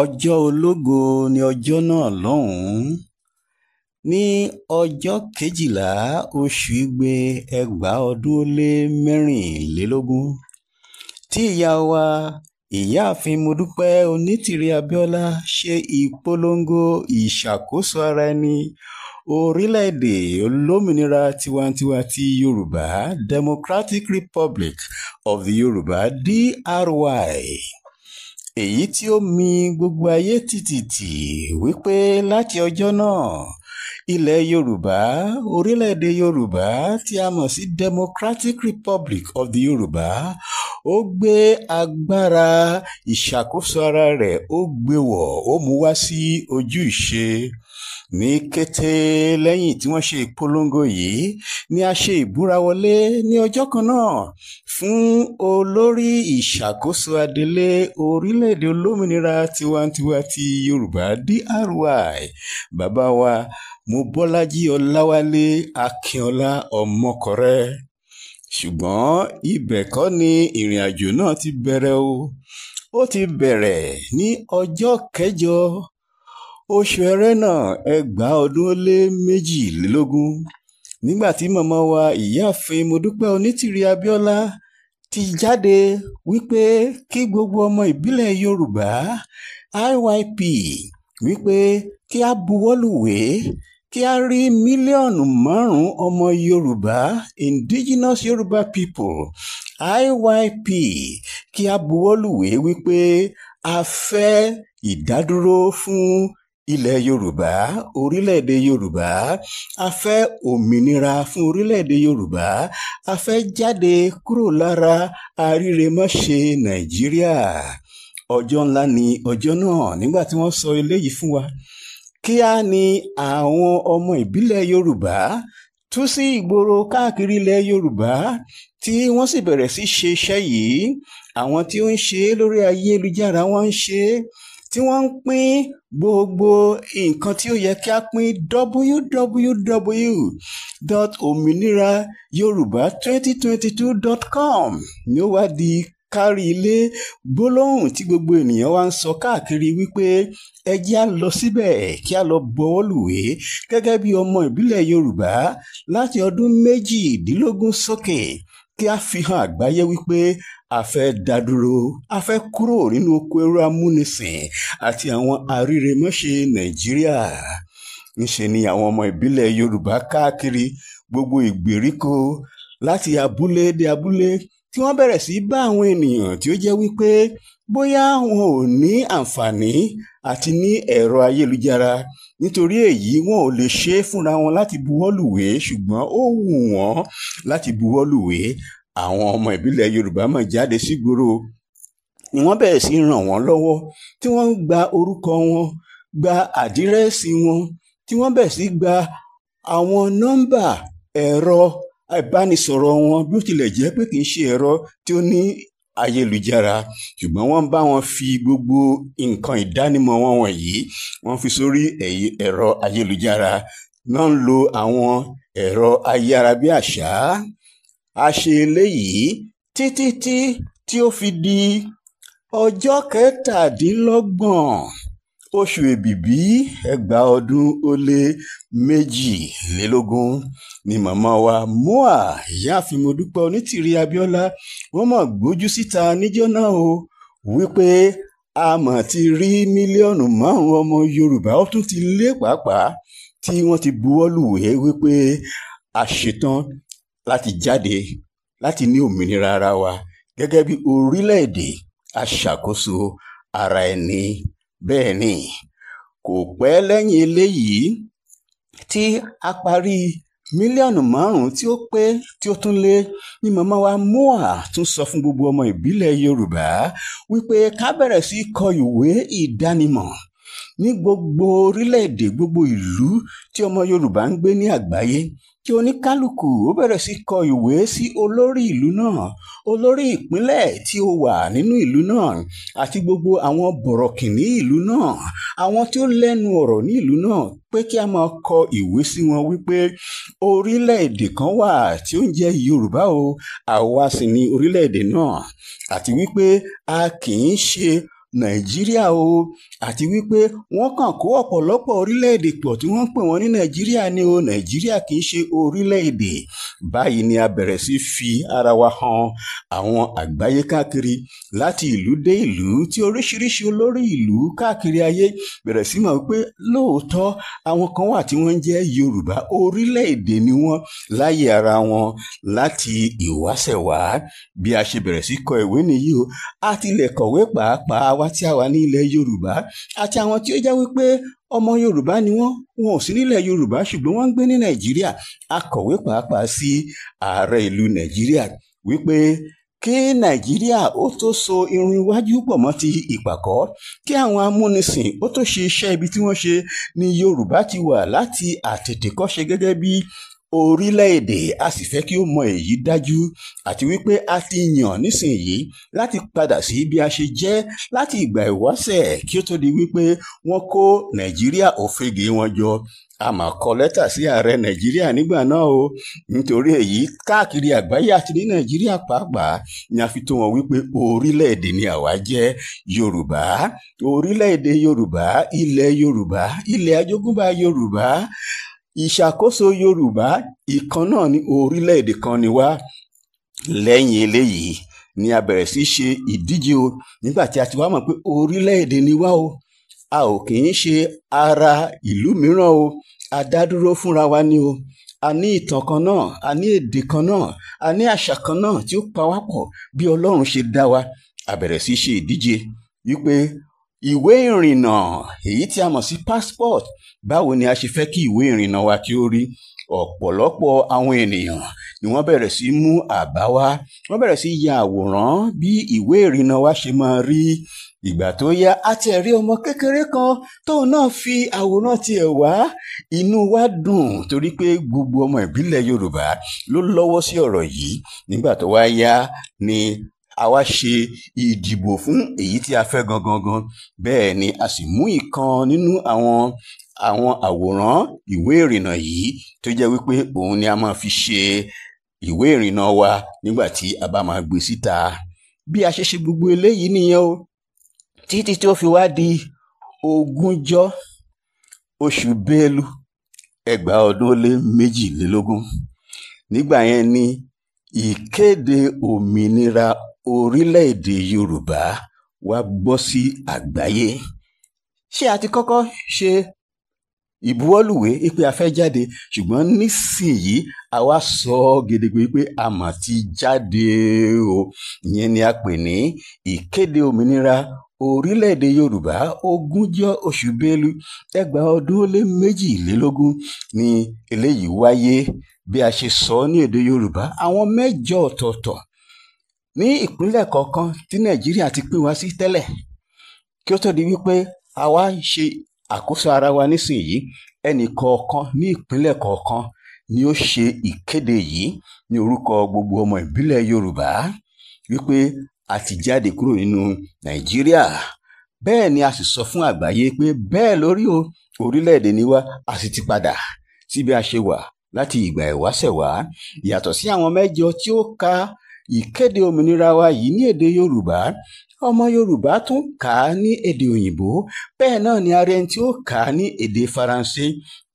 ọjọ́ ológo ni ọjọ́ náà lọ́hùn-ún ní ọjọ́ kejìlá oṣù igbe ẹgbàá ọdún ó lé mẹ́rìnlélógún tí ìyá wa ìyáàfin modúpẹ́ onítìrí abíọ́lá ṣe ìpolongo ìṣàkóso ara ẹni orílẹ̀-èdè olómìnira tiwantiwa ti yorùbá democratic republic of the yorùbá dry èyí tí ó mi gbogbo ayé tìtìtì wípé láti ọjọ́ náà ilẹ̀ yorùbá orílẹ̀-èdè yorùbá tí a mọ̀ sí democratic republic of the yorùbá ó gbé agbára ìṣàkóso ara rẹ̀ ó gbé ó mú wá sí ojú ìṣe ní kété lẹ́yìn tí wọ́n ṣe ìpolongo yìí ni a ṣe ìbúrawọlé ní ọjọ́ kan náà fún olórí ìṣàkóso adelé orílẹ̀-èdè olómìnira tiwantiwa ti yorùbá DRY bàbá wa mobọ́lájí ọláwálé akínọlá ọmọkọrẹ ṣùgbọ́n ibẹ̀ kọ́ ni ìrìn àjò náà ti bẹ̀rẹ̀ o ó ti bẹ̀rẹ̀ ní ọjọ́ kẹjọ oṣù ẹrẹ́nà ẹgbàá ọdún ó lé méjìlélógún nígbà tí màmá wa ìyáàfin mọ́dúpẹ́ onítìrí abíọ́lá ti jáde wípé kí gbogbo ọmọ ìbílẹ̀ yorùbá IYP wípé kí a buwọ́lùwé kí a rí mílíọ̀nù márùn-ún ọmọ yorùbá indigenous yorùbá people IYP kí a buwọ́lùwé wípé a fẹ́ ìdádúró fún ilẹ̀ yorùbá orílẹ̀-èdè yorùbá a fẹ́ òmìnira fún orílẹ̀-èdè yorùbá a fẹ́ jáde kúrò lára àríremọ́ṣe nàìjíríà ọjọ́ ńlá ni ọjọ́ náà nígbà tí wọ́n sọ eléyìí fún wa kíá ni àwọn ọmọ ìbílẹ̀ yorùbá tú sí ìgboro káàkiri ilẹ̀ yorùbá tí wọ́n sì bẹ̀rẹ̀ sí ṣe iṣẹ́ yìí àwọn tí ó ń ṣe lórí ayélujára wọ́n ń ṣe é tí wọ́n ń pín gbogbo nǹkan tí ó yẹ kí a pín www.òmìnirayorùbá2022.com ni ó wá di kárí ilé gbólóhùn tí gbogbo ènìyàn wá ń sọ káàkiri wípé ẹ jẹ́ á lọ síbẹ̀ kí a lọ bọwọ́ lùwé gẹ́gẹ́ bí ọmọ ìbílẹ̀ Yorùbá láti ọdún méjìdínlógún sókè. So kí a fi hàn àgbáyé wípé a fẹ́ dá dúró a fẹ́ kúrò nínú oko ẹrú amúnisìn àti àwọn aríremọ́ṣe nàìjíríà ńṣe ni àwọn ọmọ ìbílẹ̀ yorùbá káàkiri gbogbo ìgbèríko láti abúlé dé abúlé tí wọ́n bẹ̀rẹ̀ sí bá àwọn ènìyàn tí ó jẹ́ wípé bóyá wọn ò ní àǹfààní àti ní ẹ̀rọ ayélujára nítorí èyí wọn ò lè ṣe é fúnra wọn láti buwọ́lùwé ṣùgbọ́n ó wù wọ́n láti buwọ́lùwé àwọn ọmọ ìbílẹ̀ yorùbá mọ̀ jáde sígboro ni wọ́n bẹ̀rẹ̀ sí ràn wọ́n lọ́wọ́ tí wọ́n ń gba orúkọ wọn gba àdírẹ́sì wọn tí wọ́n bẹ̀rẹ̀ sí gba àwọn nọ́mbà ẹ̀rọ ìbánisọ̀rọ̀ wọn bí ó tilẹ̀ jẹ́ pé kì í ṣe ẹ̀rọ tí ó ní ayélujára ṣùgbọ́n wọ́n bá wọn fi gbogbo nǹkan ìdánimọ̀ wọn wọ̀nyí wọ́n fi sórí ẹ̀rọ ayélujára náà ń lo àwọn ẹ̀rọ ayárabíàṣá a ṣe eléyìí títí tí ó fi di ọjọ́ kẹtàdínlọ́gbọ̀n oṣù èbìbí ẹgbàá ọdún ó lé méjìlélógún ni màmá wa moa ìyáàfin modúpẹ́ onítìrí abíọ́lá wọ́n mọ̀ gbójú síta níjọ́ náà o wípé a mọ̀ ti rí mílíọ̀nù márùn-ún ọmọ yorùbá ó tún ti lé pàápàá tí wọ́n ti buwọ́lùwé wípé a ṣetán láti jáde láti ní òmìnira ara wa gẹ́gẹ́ bí orílẹ̀-èdè aṣàkóso ara ẹni bẹ́ẹ̀ ni kò pẹ́ lẹ́yìn eléyìí tí a parí mílíọ̀nù márùn-ún tí ó pé tí ó tún lé ní màmá wa mua tún sọ fún gbogbo ọmọ ìbílẹ̀ yorùbá wípé ká bẹ̀rẹ̀ sí í kọ ìwé ìdánimọ̀ ní gbogbo orílẹ̀-èdè gbogbo ìlú tí ọmọ yorùbá ń gbé ní àgbáyé kí oníkálukú ó bẹ̀rẹ̀ sí kọ ìwé sí olórí ìlú náà olórí ìpínlẹ̀ tí ó wà nínú ìlú náà àti gbogbo àwọn bọ̀rọ̀kìnní ìlú náà àwọn tí ó lẹ́nu ọ̀rọ̀ ní ìlú náà pé kí a máa kọ ìwé sí wọn wípé orílẹ̀-èdè kan wà tí ó ń jẹ́ Yorùbá o àwa sì ni orílẹ̀-èdè náà àti wípé a kì í ṣe nàìjíríà o àti wípé wọ́n kàn kó ọ̀pọ̀lọpọ̀ orílẹ̀-èdè pọ̀ tí wọ́n ń pè wọ́n ní nàìjíríà ni o nàìjíríà kì í ṣe orílẹ̀-èdè báyìí ni a bẹ̀rẹ̀ sí fi ara wa hàn àwọn àgbáyé káàkiri láti ìlú dé ìlú tí oríṣiríṣi olórí ìlú káàkiri ayé bẹ̀rẹ̀ sí mọ̀ pé lóòótọ́ àwọn kan wà tí wọ́n ń jẹ́ yorùbá orílẹ̀ ni wọ́n láyé ara wọn láti ìwáṣẹ̀ wá bí a ṣe bẹ̀rẹ̀ sí kọ ìwé nìyí o a tilẹ̀ kọ̀wé pàápàá àwa tí a wà ní ilẹ̀ yorùbá àti àwọn tí ó jẹ́ wípé ọmọ yorùbá ni wọ́n wọn ò sí nílẹ̀ yorùbá ṣùgbọ́n wọ́n ń gbé ní nàìjíríà akọ̀wé pàápàá sí ààrẹ ìlú nàìjíríà wípé kí nàìjíríà ó tó so irun iwájú pọ̀ mọ́ ti ìpàkọ́ kí àwọn amúnisìn ó tó ṣe iṣẹ́ ibi tí wọ́n ṣe ni yorùbá ti wà láti àtètèkọ́ṣe gẹ́gẹ́ bí orílẹ̀-èdè a sì fẹ́ kí ó mọ èyí dájú àti wípé a ti yàn nísìnyí láti padà sí bí a ṣe jẹ́ láti ìgbà ìwáṣẹ̀ kí ó tó di wípé wọ́n kó nàìjíríà òfegè wọn jọ a mà kọ lẹ́tà sí ààrẹ nàìjíríà nígbà náà o nítorí èyí káàkiri àgbáyé àti ní nàìjíríà pàápàá ni a fi tó wọn wípé orílẹ̀-èdè ni àwa jẹ́ yorùbá orílẹ̀-èdè yorùbá ilẹ̀ yorùbá ilẹ̀ àjogúnbá yorùbá ìṣàkóso yorùbá ìkan náà ní orílẹ̀-èdè kan ni wá lẹ́yìn eléyìí ni a bẹ̀rẹ̀ sí ṣe ìdíje o nígbà tí a ti wá mọ̀ pé orílẹ̀-èdè ni wá o a ò kì í ṣe ara ìlú mìíràn o a dá dúró fúnra wa ni o a ní ìtàn kan náà a ní èdè kan náà a ní àṣà kan náà tí ó pa wá pọ̀ bí ọlọ́run ṣe dá wa a bẹ̀rẹ̀ sí ṣe ìdíje wípé ìwé ìrìnnà èyí tí a mọ̀ sí passport báwo ni a ṣe fẹ́ kí ìwé ìrìnnà wa kí ó rí ọ̀pọ̀lọpọ̀ àwọn ènìyàn ni wọ́n bẹ̀rẹ̀ sí mú àbá wá wọ́n bẹ̀rẹ̀ sí ya àwòrán bí ìwé ìrìnnà wa ṣe máa rí ìgbà tó yá a ọmọ kékeré kan tóun náà fi àwòrán tiẹ̀ wá inú wa dùn torí pé gbogbo ọmọ ìbílẹ̀ Yorùbá ló lọ́wọ́ sí ọ̀rọ̀ yìí nígbà tó wá yá ni a wá ṣe ìdìbò fún èyí tí a fẹ́ gangan bẹ́ẹ̀ ni a sì mú ìkan nínú àwọn àwọn àwòrán ìwé ìrìnnà yìí tó jẹ́ wípé òun ni a máa fi ṣe ìwé ìrìnnà wa nígbà tí a bá máa gbé síta bí a ṣe ṣe gbogbo eléyìí nìyẹn o títí tí ó fi wá di ogúnjọ́ oṣù bélú ẹgbàá ọdún lé méjìlélógún nígbà yẹn ni ìkéde òmìnira orílẹ̀-èdè yorùbá wàá gbọ́ sí àgbáyé ṣé a ti kọ́kọ́ ṣe ìbuwọ́lùwé pé a fẹ́ jáde ṣùgbọ́n nísìnyí a wá sọ ọ́ gedegbe pé a mà ti jáde o ìyẹn ni a pè ní ìkéde òmìnira orílẹ̀-èdè yorùbá ogúnjọ́ oṣù bélú ẹgbàá ọdún ó lé méjìlélógún ni eléyìí wáyé bí a ṣe sọ ní èdè yorùbá àwọn mẹ́jọ ọ̀tọ̀ọ̀tọ̀ ní ìpínlẹ̀ kọ̀ọ̀kan tí nàìjíríà ti pín wa sí tẹ́lẹ̀ kí ó tó di wípé a wá ń ṣe àkóso ara wa nísìnyí ẹnì kọ̀ọ̀kan ní ìpínlẹ̀ kọ̀ọ̀kan ni ó ṣe ìkéde yìí ní orúkọ gbogbo ọmọ ìbílẹ̀ yorùbá wípé a ti jáde kúrò nínú nàìjíríà bẹ́ẹ̀ ni a sì sọ fún àgbáyé pé bẹ́ẹ̀ lórí o orílẹ̀-èdè ni wá a sì ti padà síbi a ṣe wà láti ìgbà ìwáṣẹ̀ wá yàtọ̀ sí àwọn mẹ́jọ tí ó ka ìkéde òmìnira wa yìí ní èdè Yorùbá ọmọ Yorùbá tún kà á ní èdè òyìnbó bẹ́ẹ̀ náà ni ara ẹni tí ó kà á ní èdè Faransé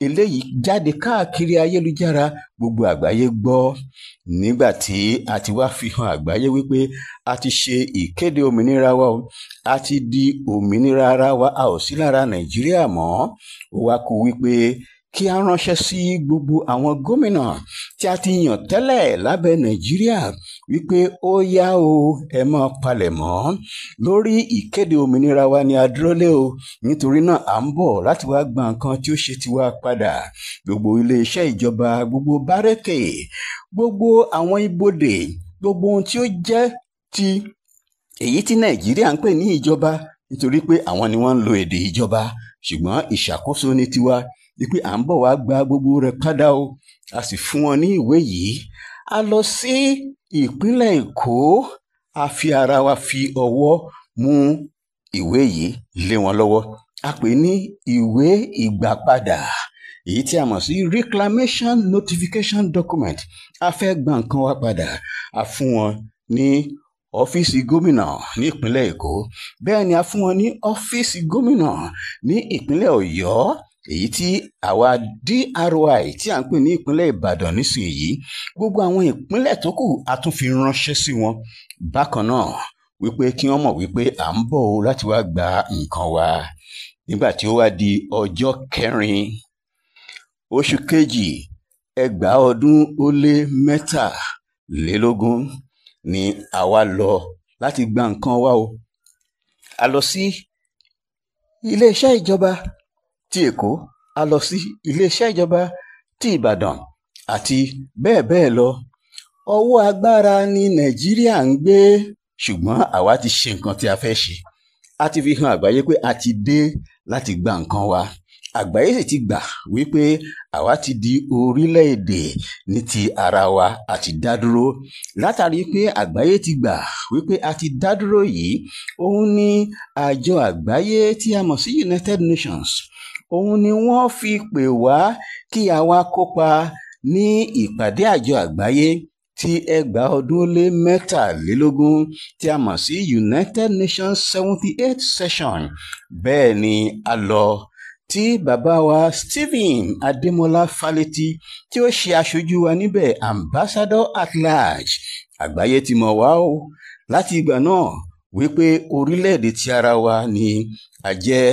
eléyìí jáde káàkiri ayélujára gbogbo àgbáyé gbọ́ nígbà tí a ti wá fi hàn àgbáyé wípé a ti ṣe ìkéde òmìnira wa a ti di òmìnira ara wa a ò sí lára Nàìjíríà mọ́ ó wá kú wípé kí a ránṣẹ́ sí gbogbo àwọn gómìnà tí a ti yàn tẹ́lẹ̀ lábẹ́ nàìjíríà wípé ó yá o ẹ mọ́ palẹ̀mọ́ lórí ìkéde òmìnira wa ni a dúró lé o nítorí náà à ń bọ̀ láti wá gba nǹkan tí ó ṣe tiwa padà gbogbo iléeṣẹ́ ìjọba gbogbo bárẹ́kè gbogbo àwọn ibodè gbogbo ohun tí ó jẹ́ ti èyí tí nàìjíríà ń pè ní ìjọba nítorí pé àwọn ni wọ́n ń lo èdè ìjọba ṣùgbọ́n ìṣàkóso ni tiwa wípé à ń bọ̀ wá gba gbogbo rẹ̀ padà o a sì fún wọn ní ìwé yìí a lọ sí ìpínlẹ̀ èkó a fi ara wa fi ọwọ́ mú ìwé yìí lé wọn lọ́wọ́ a pè ní ìwé ìgbàpadà èyí tí a mọ̀ sí reclamation notification document a fẹ́ gba nǹkan wa padà a fún wọn ní ọ́fíìsì gómìnà ní ìpínlẹ̀ èkó bẹ́ẹ̀ ni a fún wọn ní ọ́fíìsì gómìnà ní ìpínlẹ̀ ọ̀yọ́ èyí tí àwa DRY tí à ń pè ní ìpínlẹ̀ Ìbàdàn nísìnyí gbogbo àwọn ìpínlẹ̀ tó kù a tún fi ránṣẹ́ sí wọn bákan náà wípé kí wọ́n mọ̀ wípé à ń bọ̀ o láti wá gba nǹkan wa nígbà tí ó wá di ọjọ́ kẹrin oṣù kejì ẹgbàá ọdún ó lé mẹ́tàlélógún ni àwa lọ láti gba nǹkan wa o a lọ sí iléeṣẹ́ ìjọba ti èkó a lọ sí iléeṣẹ́ ìjọba ti ìbàdàn àti bẹ́ẹ̀ bẹ́ẹ̀ lọ ọwọ́ agbára ni nàìjíríà ń gbé ṣùgbọ́n àwa ti ṣe nǹkan tí a fẹ́ ṣe a ti fi hàn àgbáyé pé a ti dé láti gba nǹkan wa àgbáyé sì ti gbà wípé àwa ti di orílẹ̀-èdè ní ti ara wa àti dádúró látàrí pé àgbáyé ti gbà wípé a ti dádúró yìí òun ni àjọ àgbáyé tí a mọ̀ sí United Nations òun ni wọ́n fi pè wá kí a wáá kópa ní ìpàdé àjọ àgbáyé ti ẹgbàá ọdún ó lé mẹ́tàlélógún tí a mọ̀ sí United Nations seventy eight session bẹ́ẹ̀ ni a lọ tí bàbá wa Stephen Adémọ́lá Fálétí tí ó ṣe aṣojú wa níbẹ̀ ambassador at large àgbáyé ti mọ̀ wá o láti ìgbà náà wípé orílẹ̀-èdè ti ara wa ni a jẹ́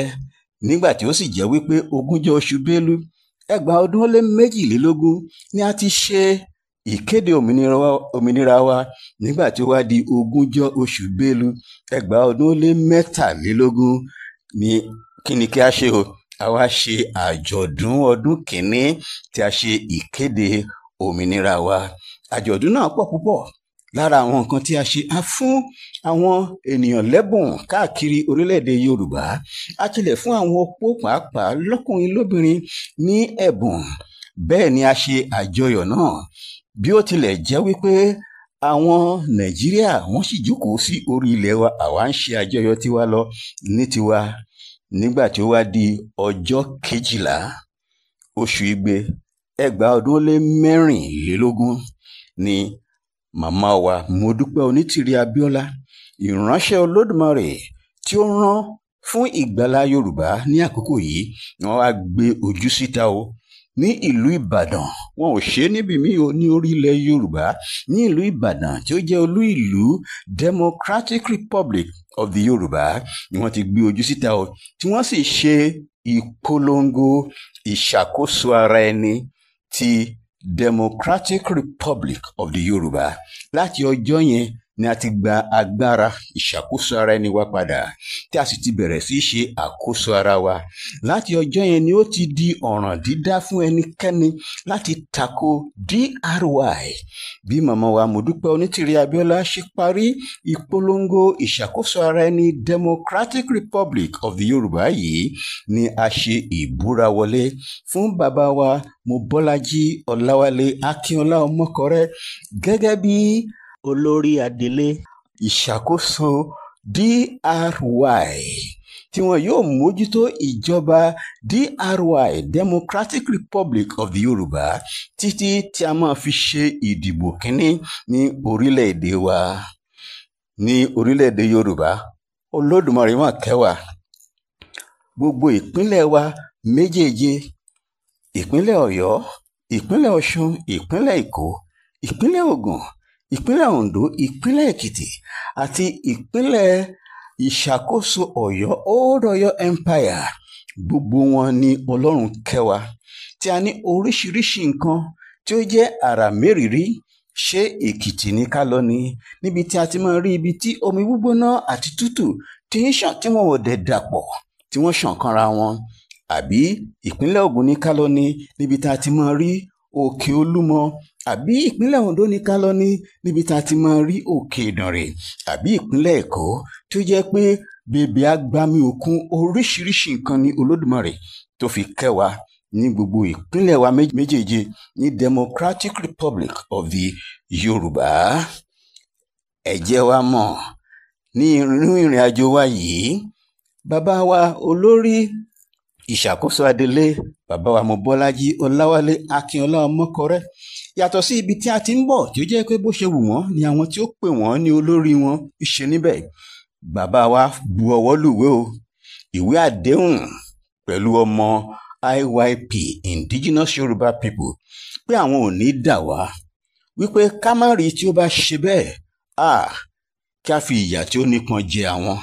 nígbà tí ó sì jẹ́ wípé ogúnjọ́ oṣù bélú ẹgbàá ọdún ó lé méjìlélógún ni a ti ṣe ìkéde òmìnira wa nígbà tí ó wá di ogúnjọ́ oṣù bélú ẹgbàá ọdún ó lé mẹ́tàlélógún ni kí ni kí a ṣe o a wá ṣe àjọ̀dún ọdún kìíní tí a ṣe ìkéde òmìnira wa àjọ̀dún náà pọ̀ púpọ̀ lára àwọn nǹkan tí a ṣe a fún àwọn ènìyàn lẹ́bùn káàkiri orílẹ̀-èdè Yorùbá a tilẹ̀ fún àwọn opó pàápàá lọ́kùnrin lóbìnrin ní ẹ̀bùn bẹ́ẹ̀ ni a ṣe àjọyọ̀ náà bí ó tilẹ̀ jẹ́ wípé àwọn Nàìjíríà wọ́n sì jókòó sí orí ilẹ̀ wa àwa ń ṣe àjọyọ̀ tiwa lọ ní tiwa nígbà tí ó wá di ọjọ́ kejìlá oṣù igbe ẹgbàá ọdún lé mẹ́rìnlélógún ni màmá wa Mọ́dúpẹ́ Onítìrí Abíọ́lá ìránṣẹ́ Olódùmarè tí ó rán fún ìgbàlá Yorùbá ní àkókò yìí wọ́n á gbé ojú síta o ní ìlú Ìbàdàn wọn ò ṣe é níbi míì o ní orílẹ̀ Yorùbá ní ìlú Ìbàdàn tí ó jẹ́ olú ìlú Democratic Republic of the Yorùbá ni wọ́n ti gbé ojú síta o tí wọ́n sì ṣe ìpolongo ìṣàkóso ara ẹni ti Democratic Republic of the Yoruba, láti ọjọ́ yẹn ni a ti gba agbára ìṣàkóso ara ẹni wa padà tí a sì ti bẹ̀rẹ̀ sí í ṣe àkóso ara wa láti ọjọ́ yẹn ni ó ti di ọ̀ràn dídá fún ẹnikẹ́ni láti tako DRY bí màmá wa Mọ́dúpẹ́ Onítìrí Abíọ́lá ṣe parí ìpolongo ìṣàkóso ara ẹni Democratic Republic of the Yorùbá yìí ni a ṣe ìbúra wọlé fún bàbá wa Mobọ́lájí Ọláwálé Akínọlá Ọmọkọrẹ́ gẹ́gẹ́ bí olórí adelé. ìṣàkóso DRY tí wọn yóò mójútó ìjọba DRY Democratic Republic of the Yoruba títí tí a máa fi ṣe ìdìbò kínní ní orílẹ̀-èdè wa ní orílẹ̀-èdè Yorùbá Olódùmarè mà kẹ́wàá gbogbo ìpínlẹ̀ wa méjèèje ìpínlẹ̀ Ọ̀yọ́ ìpínlẹ̀ Ọ̀ṣun ìpínlẹ̀ Èkó ìpínlẹ̀ Ògùn ìpínlẹ̀ Ondo ìpínlẹ̀ Èkìtì àti ìpínlẹ̀ ìṣàkóso Ọ̀yọ́ Old Ọ̀yọ́ Empire gbogbo wọn ni Ọlọ́run kẹwa tí a ní oríṣiríṣi nǹkan tí ó jẹ́ àrà mérìírí ṣé Èkìtì ní ká lọ ni níbi tí a ti máa rí ibi tí omi gbígbóná àti tútù tí ń ṣàn tí wọn ò dẹ̀ dàpọ̀ tí wọ́n ṣàn kanra wọn àbí ìpínlẹ̀ Ògùn ní ká lọ ni níbi tí a ti máa rí òkè Olúmọ àbí ìpínlẹ̀ Ondo nìkan lọ ní níbi tá a ti máa rí òkè ìdànrè àbí ìpínlẹ̀ Èkó tó jẹ́ pé bèbè agbami òkun oríṣiríṣi nǹkan ni Olódùmarè tó fi kẹ́ ní gbogbo ìpínlẹ̀ wa méjèèje ní Democratic Republic of the Yorùbá ẹ jẹ́ wa mọ̀ ní irú ìrìn àjò wa yìí bàbá wa olórí ìṣàkóso adelé bàbá wa Mobọ́lájí Ọláwálé Akínọlá Ọmọkọrẹ́ yàtọ̀ sí ibi tí a ti ń bọ̀ tí ó jẹ́ pé bó ṣe wù wọ́n ni àwọn tí ó pè wọ́n ní olórí wọn ṣe níbẹ̀ bàbá wa bu ọwọ́ lùwé o ìwé àdéhùn pẹ̀lú ọmọ IYP indigenous Yoruba people pé àwọn ò ní dà wá wípé ká má rí tí ó bá ṣe bẹ́ẹ̀ à kí a fi ìyà tí ó nípọn jẹ àwọn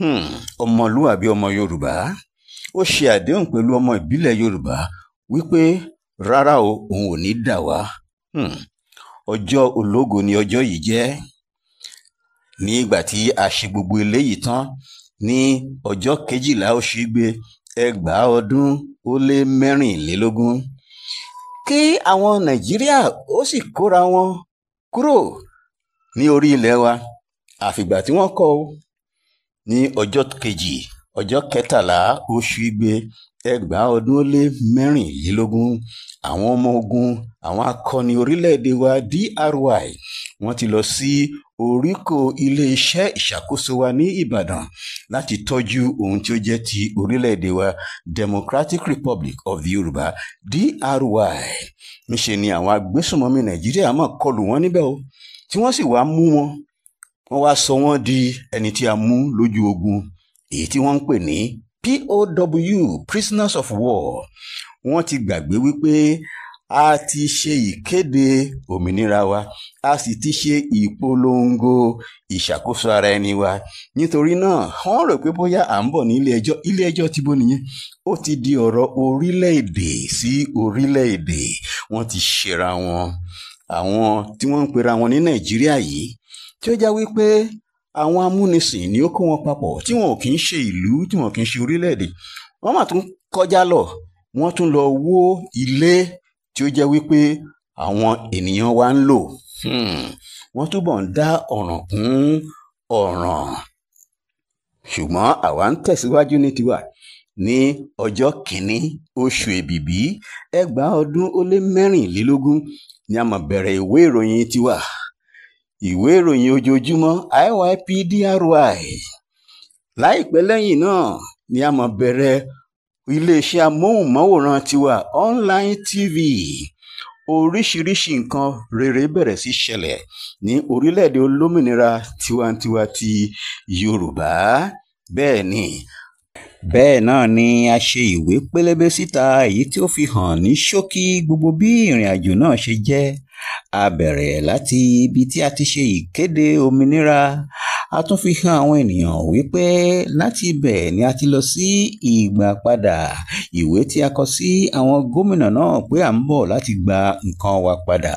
hmm, ọmọlúwàbí ọmọ Yorùbá ó ṣe àdéhùn pẹ̀lú ọmọ ìbílẹ̀ Yorùbá wípé rárá o òun ò ní dà wá hmm. ọjọ́ ológo ni ọjọ́ yìí jẹ́ ní ìgbà tí a ṣe gbogbo eléyìí tán ní ọjọ́ kejìlá oṣù igbe ẹgbàá ọdún ó lé mẹ́rìnlélógún kí àwọn nàìjíríà ó sì kóra wọn kúrò ní orí ilẹ̀ wa àfìgbà tí wọ́n kọ́ ọ ní ọjọ́ kejì ọjọ́ kẹtàlá oṣù igbe ẹgbàá ọdún ó lé mẹ́rìnlélógún àwọn ọmọ ogun àwọn akọni orílẹ̀-èdè wa DRY wọ́n ti lọ sí oríkò iléeṣẹ́ ìṣàkóso wa ní Ìbàdàn láti tọ́jú ohun tí ó jẹ́ ti orílẹ̀-èdè wa Democratic Republic of the Yorùbá DRY níṣe ni àwọn agbésùnmọ̀mí Nàìjíríà máa kọlù wọ́n níbẹ̀ o tí wọ́n sì wá mú wọn wọ́n wá sọ wọ́n di ẹni tí a mú lójú ogun èyí tí wọ́n ń pè ní POW prisoners of war wọ́n ti gbàgbé wípé a ti ṣe ìkéde òmìnira wa a sì ti ṣe ìpolongo ìṣàkóso ara ẹni wa nítorí náà wọ́n rò pé bóyá à ń bọ̀ ní ilé ẹjọ́ ilé ẹjọ́ ti bó nìyẹn ó ti di ọ̀rọ̀ orílẹ̀-èdè sí orílẹ̀-èdè wọ́n ti ṣera wọn àwọn tí wọ́n ń pera wọn ní nàìjíríà yìí tí ó já wípé àwọn amúnisìn ni ó kó wọn papọ̀ tí wọn ò kì í ṣe ìlú tí wọn kì í ṣe orílẹ̀-èdè wọ́n mà tún kọjá lọ wọ́n tún lọ wó ilé tí ó jẹ́ wípé àwọn ènìyàn wa ń lò hmm. wọ́n túbọ̀ ń dá ọ̀ràn kún ọ̀ràn ṣùgbọ́n àwa ń tẹ̀síwájú ní tiwa ní ọjọ́ kìíní oṣù èbìbí ẹgbàá ọdún ó lé mẹ́rìnlélógún ni a máa bẹ̀rẹ̀ ìwé ìròyìn tiwa ìwé ìròyìn ojoojúmọ́ IYPDRY láìpẹ́ lẹ́yìn náà ni a máa bẹ̀rẹ̀ iléeṣẹ́ amóhùnmáwòrán tiwa online tv oríṣiríṣi nǹkan rere bẹ̀rẹ̀ sí ṣẹlẹ̀ ní orílẹ̀-èdè olómìnira tiwantiwa ti yorùbá bẹ́ẹ̀ ni bẹ́ẹ̀ náà ni a ṣe ìwé pélébé síta èyí tí ó fi hàn ní ṣókí gbogbo bí ìrìn àjò náà ṣe jẹ́ a bẹ̀rẹ̀ láti ibi tí a ti ṣe ìkéde òmìnira a tún fi hàn àwọn ènìyàn wípé láti ibẹ̀ ni a ti lọ sí ìgbà padà ìwé tí a kọ sí àwọn gómìnà náà pé à ń bọ̀ láti gba nǹkan wa padà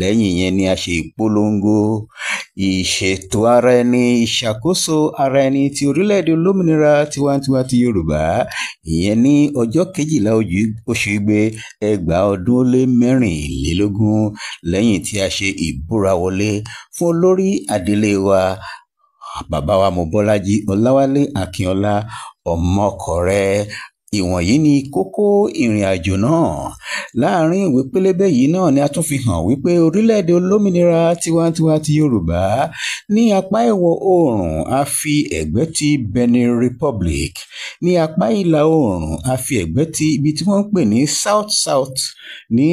lẹ́yìn yẹn ni a ṣe ìpolongo ìṣètò ara ẹni ìṣàkóso ara ẹni ti orílẹ̀-èdè olómìnira tiwantiwa ti Yorùbá ìyẹn ní ọjọ́ kejìlá oṣù igbe ẹgbàá ọdún lé mẹ́rìnlélógún lẹ́yìn tí a ṣe ìbúra wọlé fún olórí adelé wa bàbá wa Mobọ́lájí Ọláwálé Akínọlá ọmọkọ̀rẹ́ ìwọ̀nyí ni kókó ìrìn àjò náà láàrin ìwé pélébé yìí náà ni a tún fi hàn wípé orílẹ̀-èdè olómìnira tiwantiwa ti Yorùbá ní apá ìwọ̀ oòrùn a fi ẹ̀gbẹ́ ti Benin Republic ní apá ìlà oòrùn a fi ẹ̀gbẹ́ ti ibi tí wọ́n ń pè ní South South ní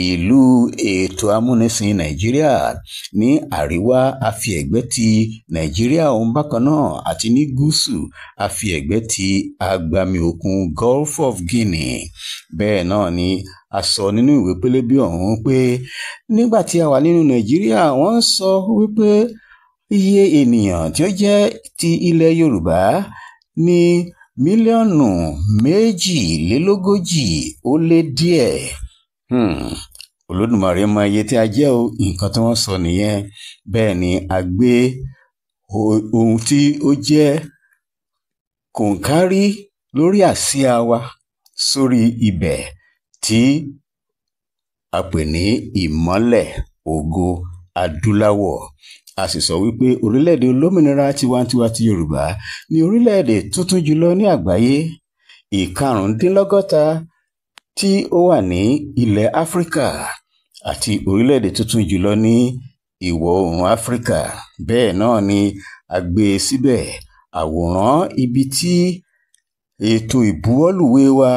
ìlú ètò amúnisìn nàìjíríà ní àríwá afiẹ̀gbẹ́ ti nàìjíríà òun bákan náà àti ní gúúsù afiẹ̀gbẹ́ ti agbami òkun Gulf of Guinea bẹ́ẹ̀ náà ni a sọ nínú ìwé pélébí ọ̀hún pé nígbà tí a wà nínú nàìjíríà wọ́n ń sọ wípé iye ènìyàn tí ó jẹ́ ti ilẹ̀ yorùbá ní mílíọ̀nù méjìlélógójì ó lé díẹ̀ Hmm. olódùmarè mọ iye tí a jẹ́ o nǹkan tí wọ́n sọ nìyẹn bẹ́ẹ̀ ni a gbé ohun tí ó jẹ́ kòǹkárí lórí àsíá wa sórí ibẹ̀ tí a pè ní ìmọ́lẹ̀ ògo adúláwọ̀ a sì sọ wípé orílẹ̀-èdè olómìnira tiwantiwa ti Yorùbá ni orílẹ̀-èdè tuntun jùlọ ní àgbáyé ìkarùndínlọ́gọ́ta tí ó wà ní ilẹ̀ Áfíríkà àti orílẹ̀-èdè tuntun jùlọ ní Ìwọ̀-oòrùn Áfíríkà. Bẹ́ẹ̀ náà ni a gbé e síbẹ̀. Àwòrán ibi tí ètò ìbuwọ́lùwéè wa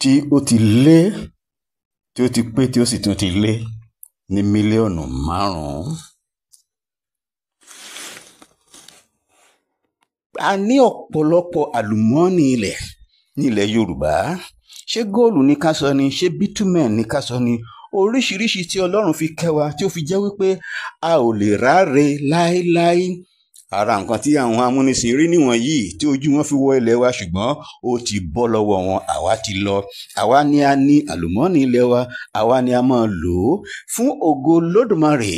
tí ó ti lé tí ó ti pé tí ó sì tún ti lé ní mílíọ̀nù márùn-ún. A ní ọ̀pọ̀lọpọ̀ àlùmọ́ọ́nì ilẹ̀ ní ilẹ̀ Yorùbá ṣé góòlù ní ká sọ ni ṣé bitumen ní ká sọ ni oríṣiríṣi tí ọlọ́run fi kẹwàá tí ó fi jẹ́ wípé a ò lè ráre láéláé ara nǹkan tí àwọn amúnisìn rí níwọ̀n yìí tí ojú wọn fi wọ ilẹ̀ wa ṣùgbọ́n ó ti bọ́ lọ́wọ́ wọn àwa ti lọ àwa ni a ní àlùmọ́ọ́nì ilẹ̀ wa àwa ni a máa lò ó fún ògo lódùmarè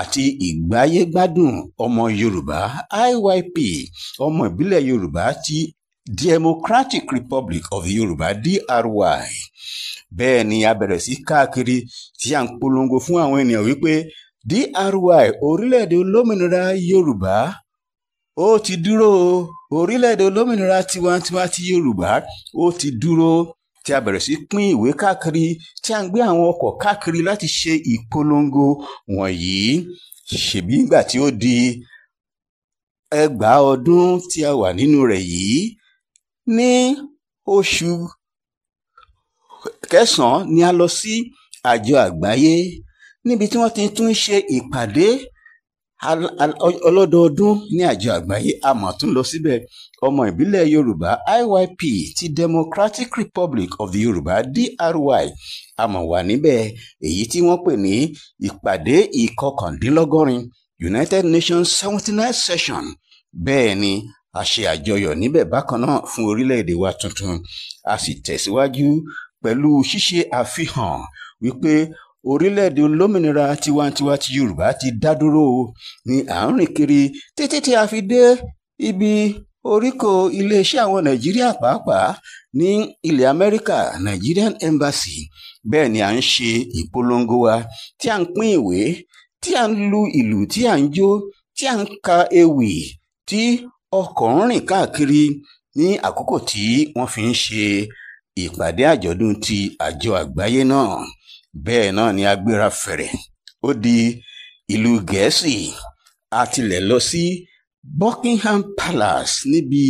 àti ìgbáyégbádùn ọmọ yorùbá IYP ọmọ ìbílẹ̀ yorùbá tí Democratic Republic of Yoruba DRY bẹ́ẹ̀ ni a bẹ̀rẹ̀ sí káàkiri tí à ń polongo fún àwọn ènìyàn wípé DRY orílẹ̀-èdè olómìnira Yorùbá ó ti dúró orílẹ̀-èdè olómìnira tiwantiwa ti Yorùbá ó ti dúró tí a bẹ̀rẹ̀ sí pín ìwé káàkiri tí a ń gbé àwọn ọkọ̀ káàkiri láti ṣe ìpolongo wọ̀nyí ṣèbí nígbà tí ó di ẹgbàá ọdún tí a wà nínú rẹ̀ yìí ní oṣù kẹsàn ni a lọ sí àjọ àgbáyé níbi tí wọ́n ti tún ṣe ìpàdé ọlọ́dọọdún ní àjọ àgbáyé a máa tún lọ síbẹ̀ ọmọ ìbílẹ̀ yorùbá IYP ti Democratic Republic of the Yorùbá DRY a máa wà níbẹ̀ èyí tí wọ́n pè ní ìpàdé ìkọkàndínlọ́gọ́rin United Nations seventy nine session bẹ́ẹ̀ ni a ṣe àjọyọ̀ níbẹ̀ bákan náà fún orílẹ̀-èdè wa tuntun a sì tẹ̀síwájú pẹ̀lú ṣíṣe àfihàn wípé orílẹ̀-èdè olómìnira tiwantiwa ti Yorùbá ti dá dúró ní à kiri títí tí a fi dé ibi oríkò iléeṣẹ́ àwọn Nàìjíríà pàápàá ní ilẹ̀ Amẹ́ríkà Nigerian Embassy bẹ́ẹ̀ ni à ń ṣe ìpolongo wa tí à ń pín ìwé tí à ń lu ìlù tí à ń jó tí à ń ka ewì tí ọkọ̀ ń rìn káàkiri ní àkókò tí wọ́n fi ń ṣe ìpàdé àjọ̀dún ti àjọ àgbáyé náà bẹ́ẹ̀ náà ni a gbéra fẹ̀rẹ̀ ó di ìlú gẹ̀ẹ́sì a tilẹ̀ lọ sí Buckingham Palace níbi